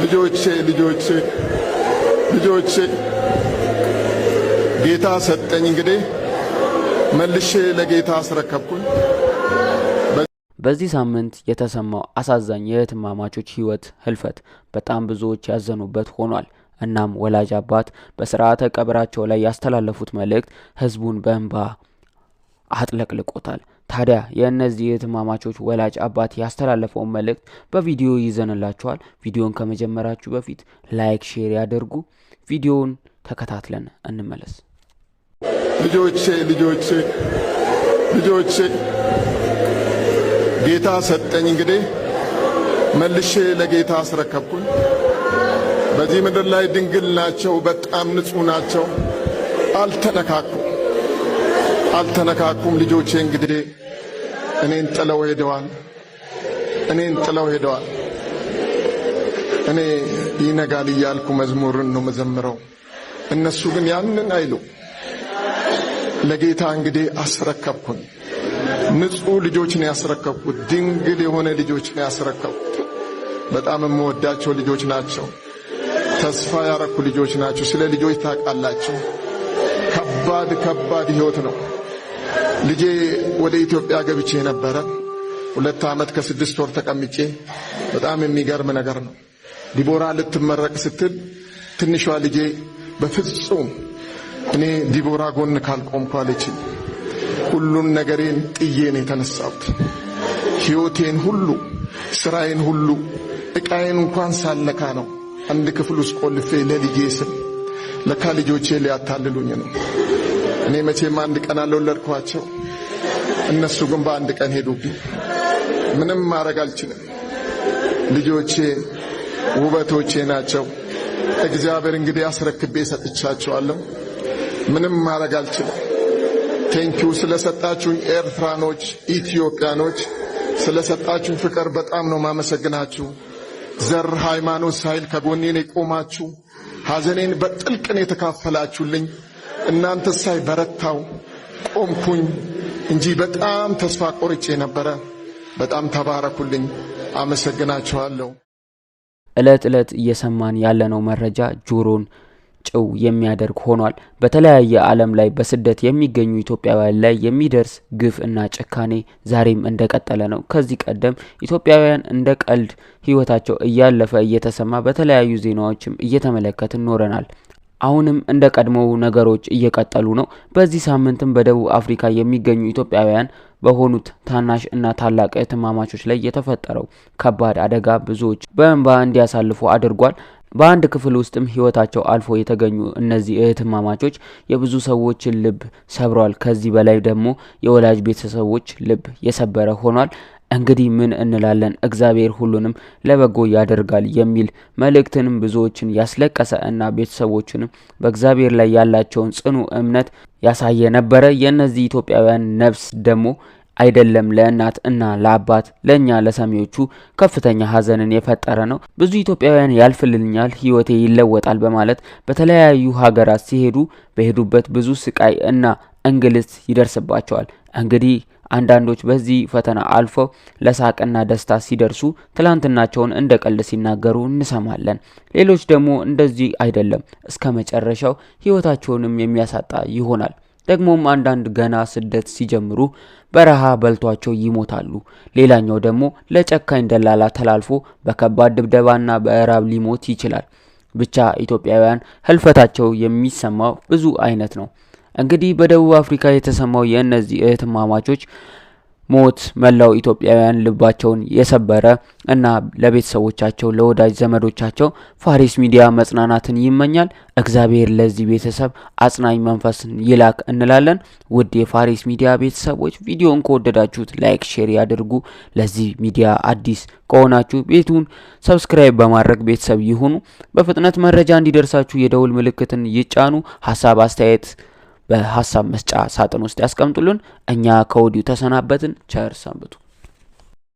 ልጆቼ ልጆቼ ልጆቼ ጌታ ሰጠኝ እንግዲህ መልሼ ለጌታ አስረከብኩኝ። በዚህ ሳምንት የተሰማው አሳዛኝ የእህትማማቾች ህይወት ህልፈት በጣም ብዙዎች ያዘኑበት ሆኗል። እናም ወላጅ አባት በስርዓተ ቀብራቸው ላይ ያስተላለፉት መልእክት ህዝቡን በእንባ አጥለቅልቆታል። ታዲያ የእነዚህ እህትማማቾች ወላጅ አባት ያስተላለፈውን መልእክት በቪዲዮ ይዘንላችኋል። ቪዲዮን ከመጀመራችሁ በፊት ላይክ፣ ሼር ያደርጉ። ቪዲዮውን ተከታትለን እንመለስ። ልጆቼ ልጆቼ ልጆቼ ጌታ ሰጠኝ፣ እንግዲህ መልሼ ለጌታ አስረከብኩኝ። በዚህ ምድር ላይ ድንግል ናቸው፣ በጣም ንጹህ ናቸው፣ አልተነካኩም አልተነካኩም ልጆቼ እንግዲህ እኔን ጥለው ሄደዋል። እኔን ጥለው ሄደዋል። እኔ ይነጋል እያልኩ መዝሙርን ነው መዘምረው። እነሱ ግን ያንን አይሉ። ለጌታ እንግዲህ አስረከብኩን ንጹህ ልጆች ነው ያስረከብኩት። ድንግል የሆነ ልጆች ነው ያስረከብኩት። በጣም የምወዳቸው ልጆች ናቸው። ተስፋ ያረኩ ልጆች ናቸው። ስለ ልጆች ታውቃላችሁ። ከባድ ከባድ ህይወት ነው። ልጄ ወደ ኢትዮጵያ ገብቼ ነበረ። ሁለት ዓመት ከስድስት ወር ተቀምጬ በጣም የሚገርም ነገር ነው። ዲቦራ ልትመረቅ ስትል ትንሿ ልጄ በፍጹም እኔ ዲቦራ ጎን ካልቆምኩ አለችኝ። ሁሉን ነገሬን ጥዬን የተነሳሁት ሕይወቴን ሁሉ ሥራዬን ሁሉ ዕቃዬን እንኳን ሳለካ ነው አንድ ክፍል ውስጥ ቆልፌ ለልጄ ስም ለካ ልጆቼ ሊያታልሉኝ ነው። እኔ መቼም አንድ ቀን አልወለድኳቸው፣ እነሱ ግን በአንድ ቀን ሄዱብኝ። ምንም ማድረግ አልችልም። ልጆቼ ውበቶቼ ናቸው። እግዚአብሔር እንግዲህ አስረክቤ ሰጥቻቸዋለሁ። ምንም ማድረግ አልችልም። ቴንኪው ስለሰጣችሁኝ፣ ኤርትራኖች፣ ኢትዮጵያኖች ስለሰጣችሁኝ ፍቅር በጣም ነው ማመሰግናችሁ። ዘር፣ ሃይማኖት ሳይል ከጎኔን የቆማችሁ ሐዘኔን በጥልቅን የተካፈላችሁልኝ እናንተ ሳይ በረታው ቆምኩኝ እንጂ በጣም ተስፋ ቆርጬ ነበረ። በጣም ተባረኩልኝ። አመሰግናችኋለሁ። ዕለት ዕለት እየሰማን ያለነው መረጃ ጆሮን ጭው የሚያደርግ ሆኗል። በተለያየ ዓለም ላይ በስደት የሚገኙ ኢትዮጵያውያን ላይ የሚደርስ ግፍ እና ጭካኔ ዛሬም እንደቀጠለ ነው። ከዚህ ቀደም ኢትዮጵያውያን እንደ ቀልድ ሕይወታቸው እያለፈ እየተሰማ በተለያዩ ዜናዎችም እየተመለከትን ኖረናል። አሁንም እንደ ቀድሞው ነገሮች እየቀጠሉ ነው። በዚህ ሳምንትም በደቡብ አፍሪካ የሚገኙ ኢትዮጵያውያን በሆኑት ታናሽ እና ታላቅ እህትማማቾች ላይ የተፈጠረው ከባድ አደጋ ብዙዎች በእንባ እንዲያሳልፉ አድርጓል። በአንድ ክፍል ውስጥም ህይወታቸው አልፎ የተገኙ እነዚህ እህትማማቾች የብዙ ሰዎችን ልብ ሰብሯል። ከዚህ በላይ ደግሞ የወላጅ ቤተሰቦች ልብ የሰበረ ሆኗል። እንግዲህ ምን እንላለን? እግዚአብሔር ሁሉንም ለበጎ ያደርጋል የሚል መልእክትንም ብዙዎችን ያስለቀሰ እና ቤተሰቦችንም በእግዚአብሔር ላይ ያላቸውን ጽኑ እምነት ያሳየ ነበረ። የእነዚህ ኢትዮጵያውያን ነፍስ ደግሞ አይደለም ለእናት እና ለአባት ለእኛ ለሰሚዎቹ ከፍተኛ ሀዘንን የፈጠረ ነው። ብዙ ኢትዮጵያውያን ያልፍልኛል፣ ህይወቴ ይለወጣል በማለት በተለያዩ ሀገራት ሲሄዱ በሄዱበት ብዙ ስቃይ እና እንግልት ይደርስባቸዋል። እንግዲህ አንዳንዶች በዚህ ፈተና አልፈው ለሳቅና ደስታ ሲደርሱ ትላንትናቸውን እንደ ቀልድ ሲናገሩ እንሰማለን። ሌሎች ደግሞ እንደዚህ አይደለም፣ እስከ መጨረሻው ህይወታቸውንም የሚያሳጣ ይሆናል። ደግሞም አንዳንድ ገና ስደት ሲጀምሩ በረሃ በልቷቸው ይሞታሉ። ሌላኛው ደግሞ ለጨካኝ ደላላ ተላልፎ በከባድ ድብደባና በእራብ ሊሞት ይችላል። ብቻ ኢትዮጵያውያን ህልፈታቸው የሚሰማው ብዙ አይነት ነው። እንግዲህ በደቡብ አፍሪካ የተሰማው የእነዚህ እህትማማቾች ሞት መላው ኢትዮጵያውያን ልባቸውን የሰበረ እና ለቤተሰቦቻቸው፣ ለወዳጅ ዘመዶቻቸው ፋሪስ ሚዲያ መጽናናትን ይመኛል። እግዚአብሔር ለዚህ ቤተሰብ አጽናኝ መንፈስን ይላክ እንላለን። ውድ የፋሪስ ሚዲያ ቤተሰቦች ቪዲዮን ከወደዳችሁት ላይክ፣ ሼር ያድርጉ። ለዚህ ሚዲያ አዲስ ከሆናችሁ ቤቱን ሰብስክራይብ በማድረግ ቤተሰብ ይሁኑ። በፍጥነት መረጃ እንዲደርሳችሁ የደውል ምልክትን ይጫኑ። ሀሳብ አስተያየት በሀሳብ መስጫ ሳጥን ውስጥ ያስቀምጡልን። እኛ ከወዲሁ ተሰናበትን። ቸር ሰንብቱ።